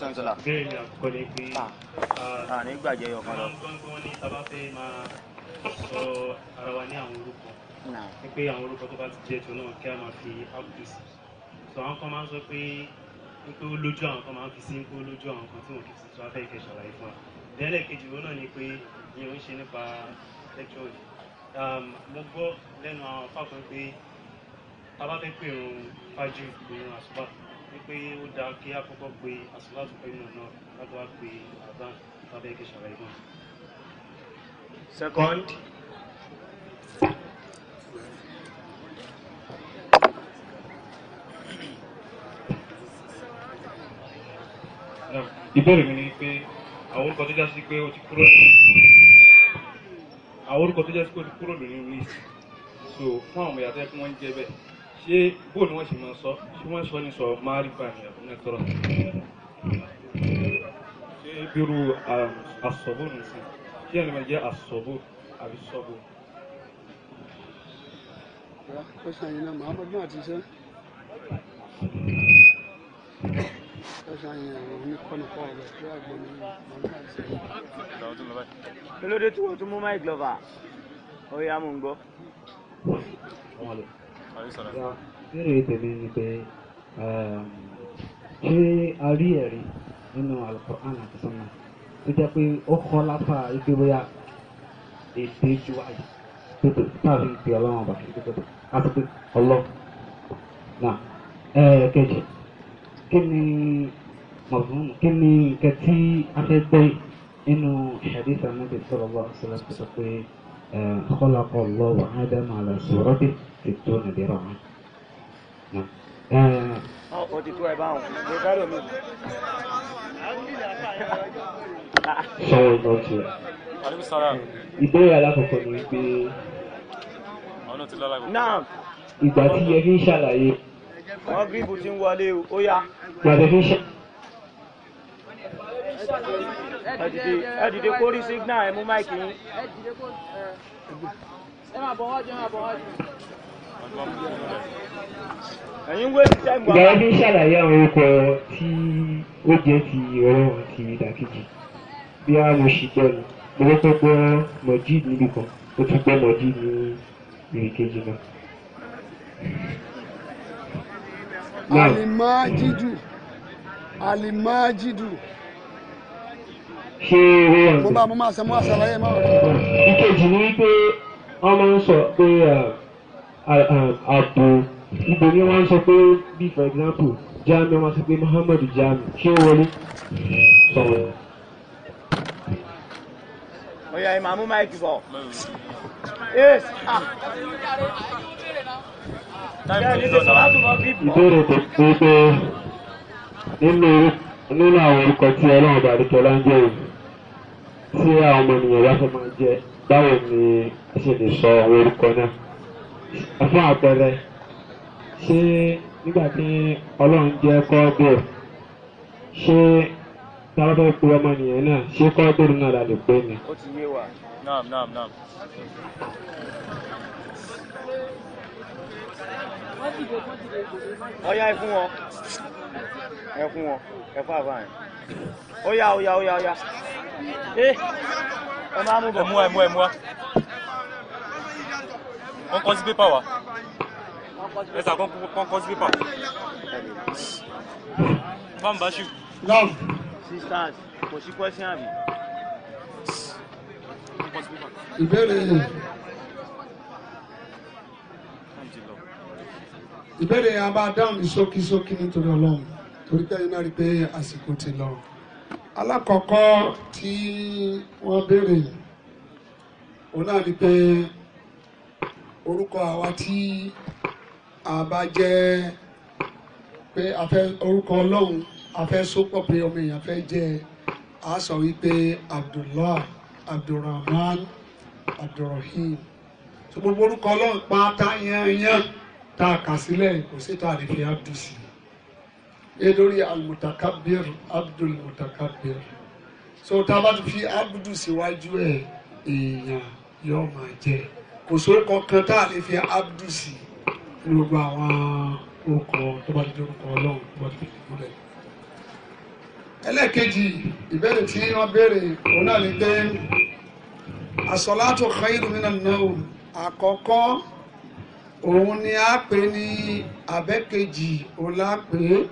sọ́nsọ́là. bẹ́ẹ̀ a ní gbàjẹ́ yọ kan lọ. gbọ́ngbọ́n ní a bá fẹ́ máa sọ ara wa ní àwọn orúkọ. ní pé àwọn orúkọ tó a máa fi ápùtù sí. sọ àwọn kan máa ń sọ pé pé ó lójú àwọn kan máa ń fi sí pé ó lójú àwọn kan tí wọn kì í sọ afẹ́ ìkẹ́ ṣàlàyé fún wa. ìdẹ́lẹ̀ kejì wọn náà ni pé ìyẹn ń ṣe nípa lẹ́kṣọ̀ yìí. Um, mo gbọ́ lẹ́nu àwọn afáfẹ́ pé tá a bá fẹ́ pè irun fájú ìgbìmọ̀ àṣùbà wípé ó da kí a kọ́kọ́ pe àsùláàtù pẹ̀lú náà láti wá pe àbán lábẹ́ kí ṣàlàyé second. ìbéèrè mi ni pé àwọn orúkọ tó jásí pé ó ti kúrò àwọn orúkọ tó jásí pé ó ti kúrò lórí list so fún àwọn ìyàtọ̀ ẹ̀kún wọn jẹ́ bẹ́ẹ̀ ṣé bó ni wọ́n ṣe máa sọ ṣé wọ́n sọ ní sọ máa rí bá mi àbí náà tọrọ ṣé bírú um, àsọ̀bù nì sí kí ẹni máa jẹ́ àsọ̀bù àbí sọ̀bù. Kọ́sán yìí náà Muhammad náà ti sẹ́. Kọ́sán yìí àwọn oníkọ́nìkọ́ ọ̀rọ̀ tó àgbọ̀n ní Muhammad náà ti sẹ́. Kí ló dé tí wọ́n tún mú Mike Glover? Ó yá mò ń gbọ́ ìbéèrè tèmi ni pé ehm, ṣé a rí ẹ̀rí nínú alukur'an àti sunna tó jẹ́ pé ó kọ́ lápá ike bóyá èdè ju àyè tótó táàbí ìpè ọlọ́run ọba èdè tótó àti pé ọlọ́run náà ẹ̀ẹ́dẹ̀kejì kí ni mọ̀fún kí ni nǹkan tí a fẹ́ gbé nínú hadith Ànábì sallallahu alaihi pé. خلق الله آدم على صورته ستون ذراعا نعم Sorry, not you. Ìbéèrè alákọ̀ọ́kọ́ ni pé ìgbà tí yẹ fi ń ṣàlàyé. Wọ́n gíríbù ti ń wọlé ó yá. Ìgbà tí yẹ fi ń ṣàlàyé ẹ dìde ẹ dìde kó rí signal ẹ mú máìkì yín. ẹ dìde kó ẹ máa bọ̀ wájú ẹ máa bọ̀ wájú. ẹ̀yin wé tẹ́ǹgbà. ìgbà wọn tún ṣàlàyé Ti orúkọ tí ó jẹ́ ti ọ̀rọ̀ àti ìdàkejì bí a mo ṣì gbọ́ ni mo kọ́kọ́ gbọ́ mọ̀jíd níbi kan ó tún gbọ́ mọ̀jíd ní ìrìkejì náà. alimajidu alimajidu ṣeré ọ̀sẹ̀. mo bá mo máa ṣe mo máa ṣàlàyé máa ìkejì ni wípé wọ́n máa ń sọ pé ààbò ibo ni wọ́n sọ pé bí for example Jami wọ́n sọ pé Muhammadu Jami ṣé ó wọlé sọ̀rọ̀. Oya ìmàmú máìkì bọ̀. Ìbéèrè tó pé nínú àwọn orúkọ tí Ọlọ́run bá dúpọ̀ láńjẹ́ yìí tí àwọn ọmọ ènìyàn wá fẹ́ máa jẹ báwo ni a ṣe lè sọ àwọn orúkọ náà fún àpẹẹrẹ ṣé nígbà tí ọlọ́run jẹ́ kọ́ọ́bẹ̀rù ṣé táwọn fẹ́ pe ọmọ ènìyàn náà ṣé kọ́ọ́bẹ̀rù náà la lè pè ní. ó ti yé wa ọyá ẹ fún wọn ẹ fún wọn ẹ fún àbá ọyá ọyá ọyá ọyá ẹ ẹ máa mú bọ. ẹ mú wa ẹ mú wa ẹ mú wa wọn kọ sí pépà wa ẹ sà kọ kọ sí pépà bá ń bá ṣù. sisters kò sí question àbí. ìbéèrè yìí. ìbéèrè abá dáhùn ní ṣókíṣókí nítorí ọlọ́run torí pé iná rí i pé àsìkò ti lọ. alákọ̀ọ́kọ́ tí wọ́n béèrè òun náà ni pé orúkọ àwa tí a bá jẹ́ pé a fẹ́ orúkọ ọlọ́run a fẹ́ sópọ̀ pé ọmọ èèyàn fẹ́ jẹ́ a sọ wípé abdullahi abdulrahman abdulrahim tó gbogbo orúkọ ọlọ́run pátá yẹn yẹn tá a kà sílẹ̀ kò sí tá a lè fi abdu sí i lórí almutakabir abdul mutakabir so tá a bá ti fi abdu síwájú ẹ̀ èèyàn yóò máa jẹ kò sóò kankan tá a lè fi abdu sí i gbogbo àwọn orúkọ tó bá ti di orúkọ ọlọ́run tó bá ti fi ìmúlẹ̀ ẹlẹ́ẹ̀kejì ìbéèrè tí wọ́n béèrè òun náà ní pé asọ́látò khairu minan nawm àkọ́kọ́ òun ni a pè ní abẹ́kejì òun é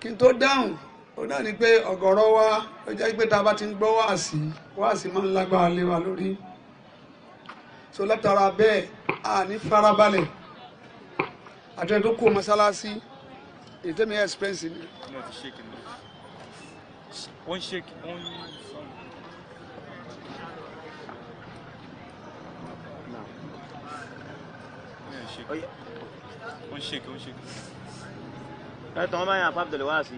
kí n tó dáhùn ó náà ni pé ọ̀gọ̀rọ̀ wa ó jẹ́ pé tá a bá ti ń gbọ́ wáàsí wáàsí máa ń lágbára lé wa lórí so látara bẹ́ẹ̀ a ní farabalẹ̀ àti ẹni tó kó mọ́sálásí èyí ẹ̀ expense ni. ń ṣe ó ń ṣe kí ó ń ṣe kí. ẹ tọ́ wọn bá yan apá abdul wá sí.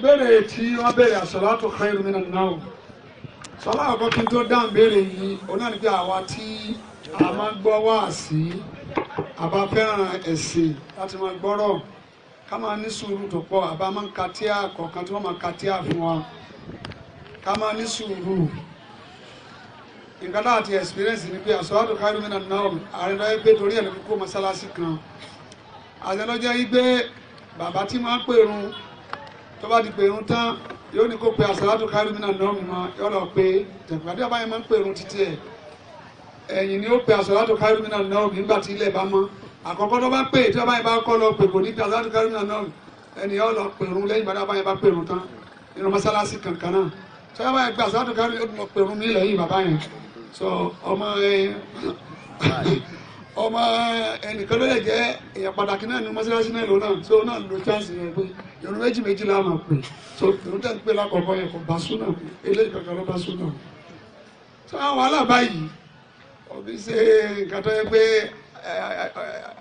béèrè tí wọ́n béèrè àṣọlátò khairu minan nawm tó dá béèrè yìí onáníbi àwa tí a máa gbọ́ wá sí àbá ẹ̀sìn láti máa gbọ́rọ̀. Kama máa ní sùúrù tó pọ̀ àbá máa ń ka tíà kọ̀ọ̀kan tí wọ́n máa ka tíà fún wa ká máa ní sùúrù nǹkan náà ti experience ni pé àsọ̀rọ̀ káyọ̀ mi náà àrẹ̀lọ ẹgbẹ́ torí ẹ̀ ló fi kó mọ́sálásí kan àtẹnudẹ́ yìí gbé bàbá tí máa ń pèrun tó bá ti pèrun tán yóò ní kó pe àsọ̀rọ̀ káyọ̀ mi náà nọ́ọ̀mù mọ́ yóò lọ pé tẹ̀gbàdé àbáyé máa ń pèrun títí ẹ̀ ẹ̀yìn ni ó pe àsọ̀rọ̀ káyọ̀ mi náà nọ́ọ̀mù nígbà tí ilẹ̀ bá mọ́ àkọ́kọ́ tó bá pè tí ọba yẹn bá kọ́ lọ pè kò ní tàzá tó kẹrin náà ẹni yọ lọ pèrún lẹ́yìn bàdá ọba yẹn bá pèrún tán nínú mọ́sálásí kankan náà tí ọba yẹn gbà tàzá tó kẹrin yóò lọ pèrún ní lẹ́yìn bàbá yẹn so ọmọ ọmọ ẹnìkan ló lè jẹ́ èèyàn pàtàkì náà nínú mọ́sálásí náà lòun náà so náà ló chance yẹn pé yorùbá méjì méjì la máa pè so yorùbá tẹ̀ ń pè lákọ̀ọ́kọ́ yẹn kò bá súnà eléyìí kankan ló bá súnà so àwọn alábàáyìí òbí ṣe nǹkan tó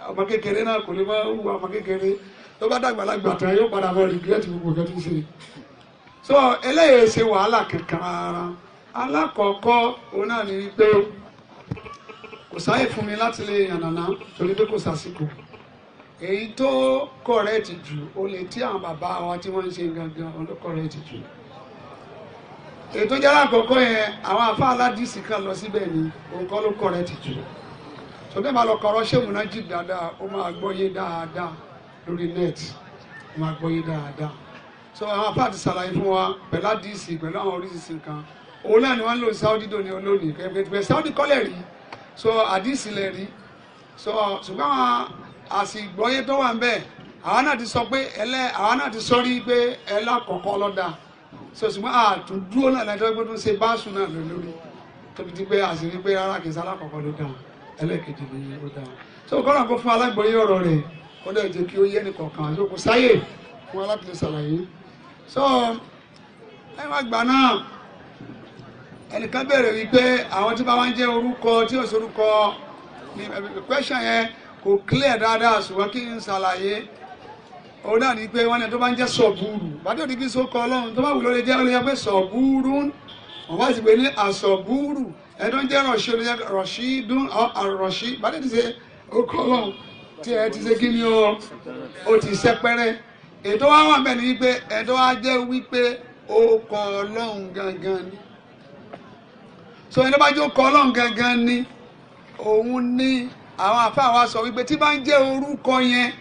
ọmọ kékeré náà kò lè máa wù ọmọ kékeré tó bá dàgbà lágbà tán yóò padà lọ rìgírẹ́tì gbogbo nǹkan tó ń ṣe so eléyìí ṣe wàhálà kankan rárá alákọ̀ọ́kọ́ òun náà ní pé kò sáyè fún mi láti lè yànnàná torí pé kò sàsìkò èyí tó kọ̀rẹ́ẹ̀tì jù ó lè tí àwọn bàbá wa tí wọ́n ń ṣe gangan ó ló kọ̀rẹ́ẹ̀tì jù èyí tó jẹ́ alákọ̀ọ́kọ́ yẹn àwọn afá aládìsí kan lọ síbẹ̀ ni òun kọ́ ló kọ̀rẹ́ẹ̀tì jù sọdẹ́ máa lọ kọ̀rọ̀ ṣéwù náà jì dáadáa ó máa gbọ́yé dáadáa lórí net ó máa gbọ́yé dáadáa so àwọn apáàtì ṣàlàyé fún wa pẹ̀lú àdìsí pẹ̀lú àwọn oríṣiríṣi nǹkan òun náà ni wọ́n ń lò Saudi dòní olóòní kẹ̀kẹ́ Saudi kọ́lẹ̀ rí so àdìsí lẹ̀ rí so ṣùgbọ́n àwọn àsìgbọ́yé tó wà ń bẹ̀ àwọn náà ti sọ pé ẹlẹ́ àwọn náà ti sọ rí pé ẹlẹ́ àkọ́kọ́ lọ́dà so ṣùgbọ́n àtúndúró náà lẹ́jọ́ pé tó ń ṣe báṣu náà lórí tóbi ti pé àṣírí pé rárá kìí ló dáhùn ẹlẹ́ẹ̀kejì ni ó dáa so kọ́nà kó fún alágbòye ọ̀rọ̀ rẹ̀ ó dẹ̀ jẹ́ kí ó yé nìkọ̀ọ̀kan so kò sáyè fún alábìlẹ̀ ṣàlàyé so ẹ̀rọ àgbà náà ẹnìkan bẹ̀rẹ̀ wípé àwọn tí bá wá ń jẹ́ orúkọ tí ò sorúkọ ni question yẹn kò clear dáadáa ṣùgbọ́n kí n ṣàlàyé òun náà ni pé wọ́n ní tó bá ń jẹ́ sọ̀búrù bàtẹ́ òdìgbì sókọ ọlọ́run tó bá wù lórí jẹ́ wọ́n wá sí pé ní àsọ̀búrù ẹ̀dọ́ jẹ́ rọ̀ṣí olóyè rọ̀ṣí dún rọ̀ṣí bàtẹ́ ti ṣe okò ọlọ́run tí ẹ ti ṣe kí ni o ó ti ṣẹpẹrẹ ètò wa wà bẹ́ẹ̀ ni wípé ẹ̀dọ́ wa jẹ́ wípé okò gangan ni so ẹni bá jẹ́ okò gangan ni òun ni àwọn àfáà wa sọ wípé tí bá ń jẹ́ orúkọ yẹn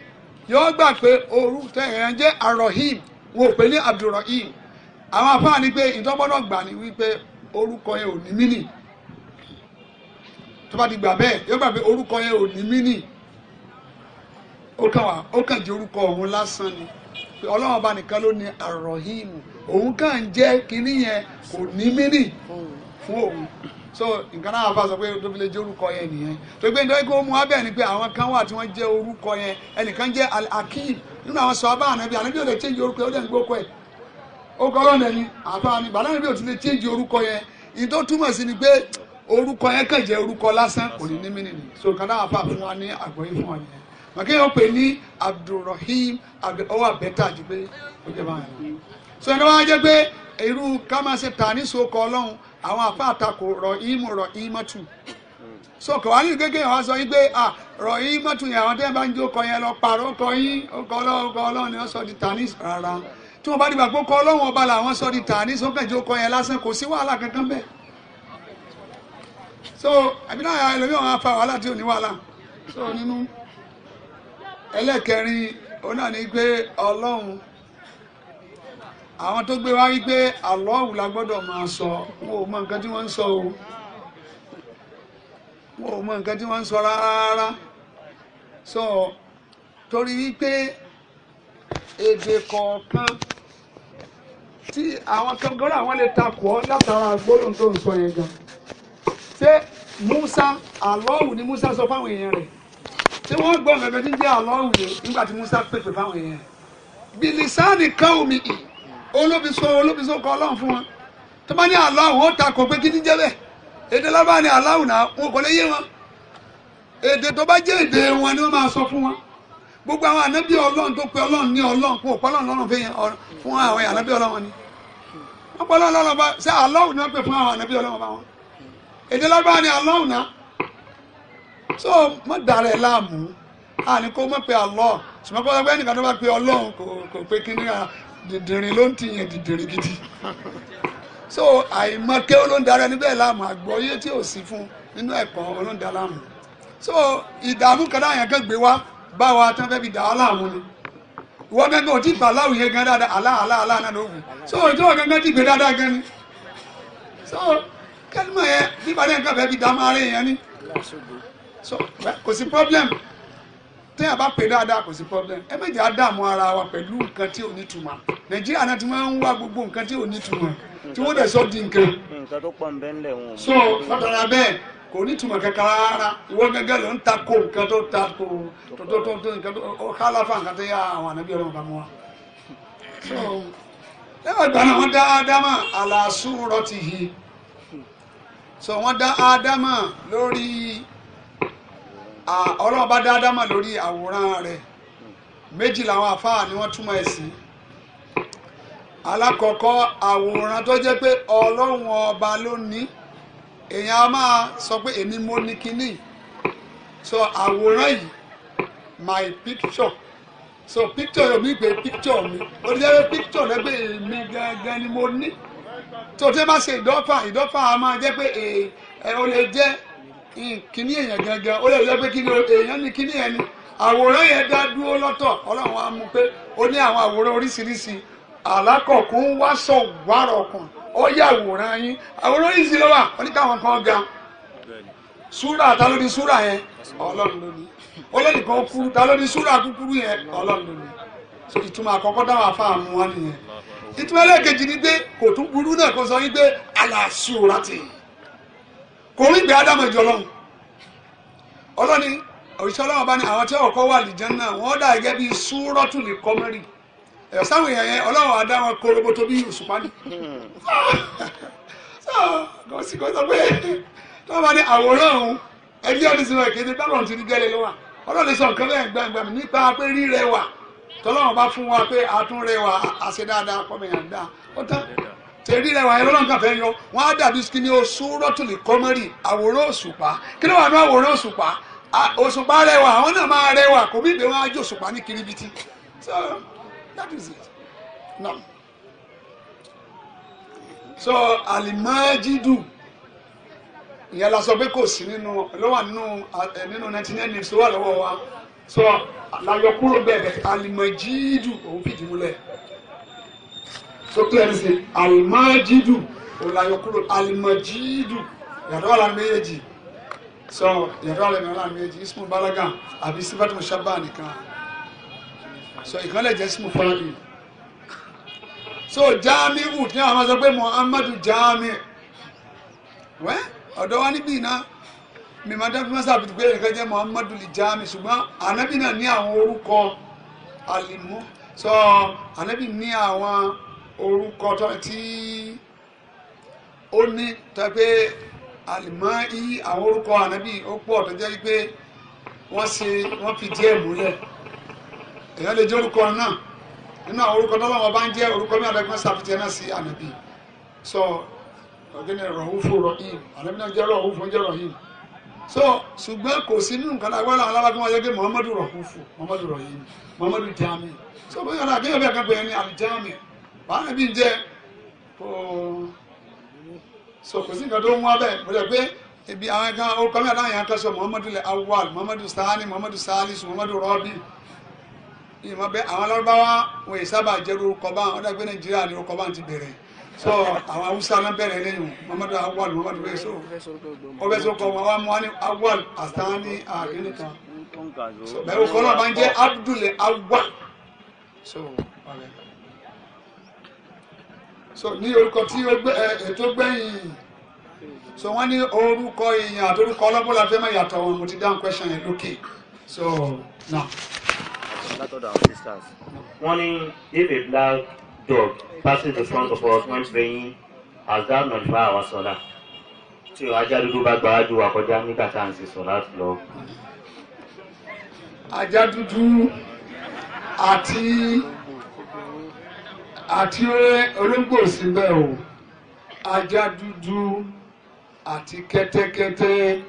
yóò gbà pé orúkọ yẹn jẹ́ arohim wọn ò pè ní abdulrahim àwọn afáà ní pé ìtọ́gbọ́dọ̀ gbà ní wípé orúkọ yẹn ò ní mínì tó bá ti gbà bẹ́ẹ̀ yóò gbà pé orúkọ yẹn ò ní mínì ó kàn ó kàn jẹ́ orúkọ òun lásán ni pé ọlọ́run ọba nìkan ló ní àròhìmù òun kò ní fún òun so nǹkan náà fa sọ pé tó fi lè orúkọ yẹn nìyẹn tó gbé nítorí pé ni pé àwọn kan wà tí wọ́n jẹ́ orúkọ yẹn ẹnìkan jẹ́ akeem nínú àwọn sọ lè orúkọ yẹn ó ó kọ́ lọ́nà ni àfa ni bàdánù bí o ti lè change orúkọ yẹn ìyẹn tó túmọ̀ sí ni pé orúkọ yẹn kàn jẹ́ orúkọ lásán kò ní ní mínínì so kàdá àfa fún wa ní àgbọ̀yé fún wa nìyẹn màkìyàn pè ní Abdulrahim ọwọ́ àbẹ́tà jù pé ó jẹ́ báyìí so ẹni wọ́n á jẹ́ pé irú ká máa ṣe tà ní sokọ ọlọ́run àwọn àfa àtakò rọ ìmù rọ ìmọ̀tù so kò wá ní kékeré wa sọ yín pé ah rọ ìmọ̀tù yẹn àwọn tẹ́ bá ń jó kọ yẹn lọ pààrọ̀ kọ yín ó kọ ọlọ́run kọ ọlọ́run ni wọ́n sọ di tà ní rárá tí wọ́n bá dìgbà pé kọ́ ọlọ́run ọba làwọn sọ di tàní sọ́kànjọ́ kọ yẹn lásán kò sí wàhálà kankan bẹ́ẹ̀ so àbí náà ẹlòmíràn wọn á fa wàhálà tí ò ní wàhálà so nínú ẹlẹ́kẹrin òun náà ní pé ọlọ́run àwọn tó gbé wá rí pé àlọ́ọ̀wù la gbọ́dọ̀ máa sọ wọn ò mọ nǹkan tí wọ́n ń sọ o wọn ò mọ nǹkan tí wọ́n ń sọ rárá so torí wípé èdè kọ̀ọ̀kan tí àwọn kan gbọ́dọ̀ àwọn lè takò ọ́ látara gbólóhùn tó ń sọ yẹn gan ṣé Musa alọ́ọ̀hù ni Musa sọ fáwọn èèyàn rẹ̀ ṣé wọ́n gbọ́ mẹ́fẹ́ tí ń jẹ́ alọ́ọ̀hù yẹn nígbà tí Musa pèpè fáwọn èèyàn rẹ̀ bilisani kaumi olóbiso olóbiso kọ Ọlọ́run fún wọn tó bá ní aláwọ ó takò pé kí ní jẹ bẹ́ẹ̀ èdè lábá ní aláwọ náà wọn kò lè yé wọn èdè tó bá jẹ èdè wọn ni wọn máa sọ fún wọn gbogbo àwọn ànábì ọlọ́run tó pe ọlọ́run ní ọlọ́run kó pọ́ ọlọ́run lọ́rùn fún àwọn ànábì ọlọ́run ni wọ́n pọ́ ọlọ́run lọ́rùn bá ṣé alọ́hùn ni wọ́n pè fún àwọn ànábì ọlọ́run bá wọn èdè lọ́gbà ni alọ́hùn náà so mọ́ dàrẹ́ láàmú àní kó mọ́ pe alọ́ ṣùgbọ́n kó ẹgbẹ́ nìkan tó bá pe ọlọ́run kò pé kí níra dìndìnrín ló ń ti yẹn dìndìnrín gidi so àìmọ̀kẹ́ olóńdarẹ́ níbẹ̀ láàmú àgbọ̀yé tí ò sí fún báwa tán fẹ́ fi dà á láàmú ni wọ́n gángan ò tí ì láwùjẹ gan dáadáa àlá àlá àlá náà ló wù so ìjọba gángan ti gbé dáadáa gan ni so kẹ́lìmọ̀ yẹn nípa ní nǹkan fẹ́ fi dà máa rí yẹn ni so kò sí problem téèyàn bá pè dáadáa kò sí problem ẹ méjì á dààmú ara wa pẹ̀lú nǹkan tí ò ní túmọ̀ nàìjíríà náà ti máa ń wá gbogbo nǹkan tí ò ní túmọ̀ tí wọ́n dẹ̀ sọ di nǹkan. so látara bẹ́ẹ̀ kò ní túmọ̀ kankan rárá ìwọ gẹ́gẹ́ ló ń ta kó nǹkan tó ta kó tó tó tó tó nǹkan tó kálá fún nǹkan tó yá àwọn ànábì ọlọ́run kan mú wa. ẹ wọ́n gbà náà wọ́n dá ádámà àlàásù rọ́tì yìí so wọ́n dá ádámà lórí ọlọ́run bá dá ádámà lórí àwòrán rẹ̀ méjì làwọn àfáà ni wọ́n túmọ̀ ẹ̀ sí alákọ̀ọ́kọ́ àwòrán tó jẹ́ pé ọlọ́run ọba ló ní èèyàn a máa sọ pé èmi mo ní kinní so àwòrán yìí my picture so picture yóò mi gbé picture mi ó ti jẹ́ pé picture lẹ́gbẹ́ èmi gangan ni mo ní tó tẹ́ bá ṣe ìdọ́fà ìdọ́fà a máa jẹ́ pé e, ó lè jẹ́ kíní èèyàn gangan ó lè jẹ́ pé kíní èèyàn ní kíní ẹni àwòrán yẹn dá dúró lọ́tọ̀ ọlọ́run á mú pé ó ní àwọn àwòrán oríṣiríṣi àlákọ̀ọ́kùn wá sọ wàrọ̀ ọkùnrin ó yàwòrán yín àwọn olóríṣi lọ́wọ́ oníkàwọn kan ga súrà ta ló ní súrà yẹn ọlọ́run ló ní olórí kan kú ta ló ní súrà kúkúrú yẹn ọlọ́run ló ní ìtumọ̀ àkọ́kọ́ dáhùn afáà mú wọn nìyẹn ìtumọ̀ ẹlẹ́ẹ̀kejì ni pé kò tún burú náà kó sọ yín pé aláṣúra tì kò rí ìgbé ádámù ìjọ lọ́hùn ọlọ́ni òṣìṣẹ́ ọlọ́run bá ní àwọn tí ọ̀kọ́ wà lìjẹ́ náà wọ́n dà gẹ́gẹ́ bí súrọ́tù ní kọ́mẹ́rì ẹ̀sáwọn èèyàn yẹn ọlọ́run adá wọn kó roboto bí òṣùpá ni kò sí kó sọ pé tó bá ní àwòrán òun ẹbí ọdún sí kéde báwọn ti ní gẹ́lẹ́ lọ́wọ́ ọlọ́run sọ nǹkan bẹ́ẹ̀ gbangba nípa pé rírẹwà tọ́lọ́run bá fún wa pé àtúnrẹwà àṣẹ dáadáa kọ́mẹ̀yàn dáa ó tán tẹ̀rí rẹwà ẹ lọ́nà kan fẹ́ yọ wọ́n á dàbí kí ni oṣù rọ́tùlì kọ́mọ́rì àwòrán òṣùpá kí ló wà ní àwòrán òṣùpá òṣùpá rẹwà àwọn náà máa rẹwà kò bí ìgbé wọn á jó ní kiribiti that is it now so alimajidu ìyẹn la sọ pé kò sí nínú ló wà nínú eh, nínú nineteen eighty tó wà lọ́wọ́ wa so làyọ kúrò bẹ́ẹ̀ alimajidu òun fìdí múlẹ̀ so clear ṣe alimajidu òun làyọ kúrò alimajidu yàtọ̀ wà lára méjèèjì so yàtọ̀ wà lára méjèèjì ismu balaga àbí sifatul shabba nìkan so ìkan lè jẹ́ símù fáàlì so jaamiu tí àwọn sọ pé muhammadu jaami wẹ́ ọ̀dọ́ wa níbí iná mímọ́tà fún mọ́sá àbùtù pé ẹ̀ka jẹ́ muhammadu lè jaami ṣùgbọ́n ànábì náà ní àwọn orúkọ àlìmú so ànábì ní àwọn orúkọ tí ó ní tẹ́pẹ́ àlìmọ́ í àwọn orúkọ ànábì ó pọ̀ tó jẹ́ pé wọ́n ṣe wọ́n fi díẹ̀ múlẹ̀ èèyàn lè jẹ́ orúkọ náà nínú àwọn orúkọ náà lọ́wọ́ bá ń jẹ́ orúkọ náà lẹ́gbọ́n sàfitì náà sí ànàbì so ọ̀gẹ́ni rọ̀húfù rọ̀hìm ànàbì náà jẹ́ rọ̀húfù jẹ́ rọ̀hìm so ṣùgbọ́n kò sí nínú nǹkan agbára àwọn alábàbí wọn yẹ́gẹ́ muhammadu rọ̀húfù muhammadu rọ̀hìm muhammadu jami so bóyá náà àgbẹ̀yẹ̀ bẹ́ẹ̀ kan pé ẹni àlùjáàmì bàá nàbí ń jẹ́ kò so kò sí nǹkan tó ń wá bẹ́ẹ̀ mo jẹ́ pé ibi àwọn ẹ̀ka orúkọ mẹ́ta yẹn kan sọ muhammadu le awwal muhammadu sani muhammadu salisu muhammadu rọ́bì ìmọ̀ bẹ́ẹ̀ àwọn alárúbáwá wọn ìsábà jẹ́ orúkọ bá wọn dàgbé nàìjíríà ní orúkọ bá ti bẹ̀rẹ̀ so àwọn haúsá náà bẹ̀rẹ̀ lẹ́yìn muhammadu awal muhammadu bẹ́sọ̀ ọbẹ̀sọ̀ kọ wọn wọn wọn ni awal asani akíní ah, kan bẹ́ẹ̀ orúkọ náà bá ń jẹ́ abdul awal so ní orúkọ tí eh, ètò gbẹ̀yìn so wọ́n ní orúkọ èèyàn àti orúkọ ọlọ́bùnla fẹ́ máa yàtọ̀ wọn mo ti dáhùn question yẹn lókè so now látọ̀dọ̀ àwọn sisters. wọ́n if a black dog passes the front of us when praying has that notify our sọ̀la tí ajá dúdú bá gba ájú wa kọjá nígbà tá à ń ṣe sọ̀la lọ. ajá dúdú àti àti olóńgbò síbẹ̀ o ajá dúdú àti kẹ́tẹ́kẹ́tẹ́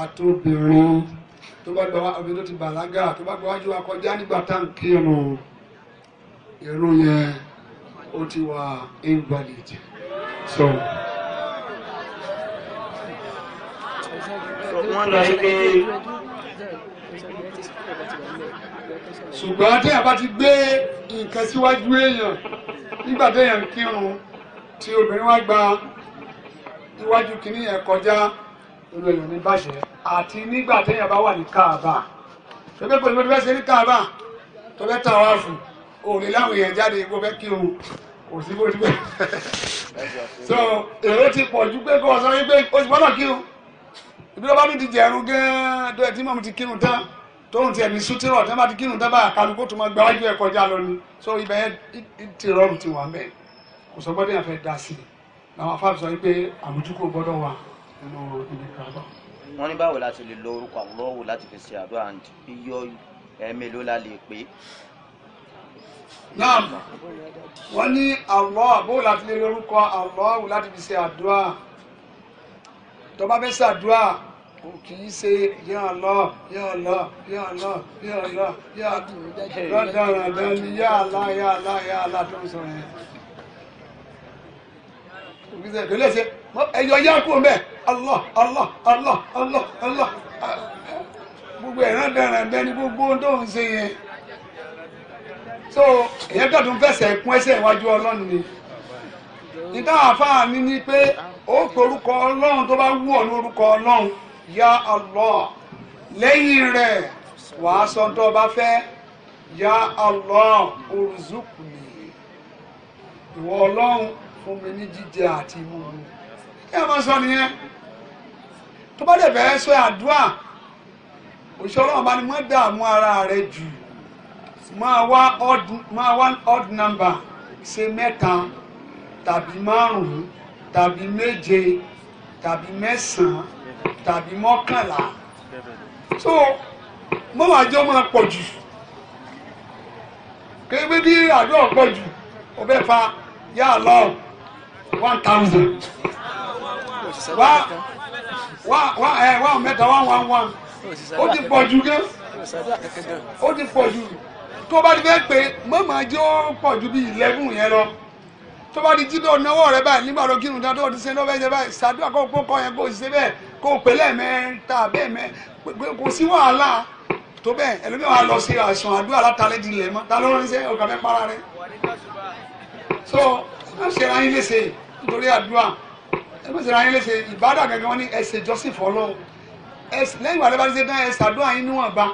àtobìnrin tó bá gba obìnrin tó ti bàlágà tó bá gba wájú wa kọjá nígbà táǹkì irun irun yẹn ó ti wà invalid so. wọ́n lọ sí pé ṣùgbọ́n tí a bá ti gbé nǹkan síwájú èèyàn nígbà téèyàn ń kírun tí obìnrin wá gba iwájú kìíní yẹn kọjá olóyún ní bàjẹ́ àti nígbà téèyàn bá wà ní káàbà pépé pé mo ti fẹ́ ṣe ní káàbà tó fẹ́ tà wá fún òní láwọn èèyàn jáde igbó fẹ́ kírun kò sí bó ti gbé so èrò ti pọ̀ ju pé kó o sọ wípé o ti gbọ́dọ̀ kírun ibi tó bá ní ti jẹ̀rù gan-an tó ẹ̀ tí mọ̀ mi ti kírun tán tóun ti ẹ̀mí sútírọ̀ tẹ́ bá ti kírun tẹ́ bá kálukú tó máa gba wájú ẹ̀ kọjá lọ ni so ibẹ̀ yẹn ti rọrùn ti wà mẹ́ kò sọ gbọ́dọ̀ yẹn fẹ́ dá sí i làwọn afáàbí sọ wípé àmójúkò gbọ́dọ̀ wà wọ́n ní báwo láti lè lo orúkọ àwòrán láti fi ṣe àdúrà and iyọ ẹ̀ẹ́mélòó la lè pé. naam wọ́n ní àlọ́ àbó láti lè lórúkọ àlọ́ àwò láti fi ṣe àdúrà tó bá fẹ́ ṣàdúrà kò kì í ṣe yá lọ yá lọ yá lọ yá lọ yá lọ́dọ̀ọ̀dọ̀ ni yá lọ yá lọ yá lọ tó ń sọ yẹn. kò kì í lè ṣe ẹ̀yọ̀ yá kúrò mẹ́ Allah Allah Allah Allah Allah gbogbo ẹ̀rán dáradára ni gbogbo tó ń ṣe yẹn so èyàn dọ̀dún fẹsẹ̀ kún ẹsẹ̀ iwájú ọlọ́run ni níta àfáà ní ni pé ó forúkọ ọlọ́run tó bá wú ọ ní orúkọ ya Allah lẹ́yìn rẹ̀ wàá sọ tó bá fẹ́ ya Allah orùzùkù nìyí ìwọ ọlọ́run fún mi ní jíjẹ àti mímu ẹ máa sọ nìyẹn tó bá dẹ̀ fẹ́ sọ àdúrà òṣìṣẹ́ ọlọ́run bá ní dààmú ara rẹ jù máa wá odd máa number ṣe mẹ́ta tàbí márùn-ún tàbí méje tàbí mẹ́sàn-án tàbí mọ́kànlá so mọ́wájọ́ máa pọ̀ jù kébé bí àdúrà pọ̀ jù ó fa yà one thousand wa wa wa eh, ẹ wa mẹ́ta wa wa wa oh, ó ti pọ̀ jù gẹ́ ó ti pọ̀ jù tó bá ti fẹ́ pé mọ́mọ́ jẹ́ ó pọ̀ jù bíi eleven yẹn lọ tó bá ti jídọ̀ náwó rẹ báyìí nígbà tó kírun dáadọ́ ti ṣe ló bẹ́ẹ̀ ṣe báyìí ṣàdúrà kó kó kọ́ yẹn kó ṣe bẹ́ẹ̀ kó pè lẹ́ẹ̀mẹ́ta bẹ́ẹ̀ mẹ́ kò sí wàhálà tó bẹ́ẹ̀ ẹlòmíì wà lọ sí àìsàn àdúrà látàlẹ́ di ilẹ̀ mọ́ ta ló rán iṣẹ́ ọ̀gá fẹ́ para rẹ so má ṣe ra yín léṣe nítorí àdúrà ẹgbẹ́ sẹ́ra yín léṣe ìbádà gẹ́gẹ́ wọn ní ẹsẹ̀ ìjọsìn fọlọ́ lẹ́yìn wàlẹ́ bá ti ṣe tán ẹsẹ̀ àdúrà yín níwọ̀n bá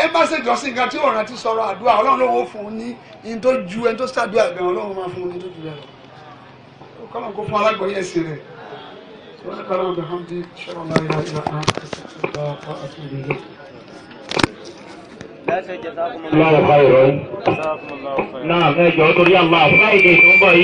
ẹ bá ṣe ìjọsìn kan tí òòrùn ti sọ̀rọ̀ àdúrà ọlọ́run lówó fún un ní in tó ju ẹni tó ṣàdúrà gan ọlọ́run máa fún un ní tó ju rẹ̀ kọ́lọ̀ kó fún alágbọ̀n yẹn sí rẹ̀ lẹ́sẹ̀ jẹ́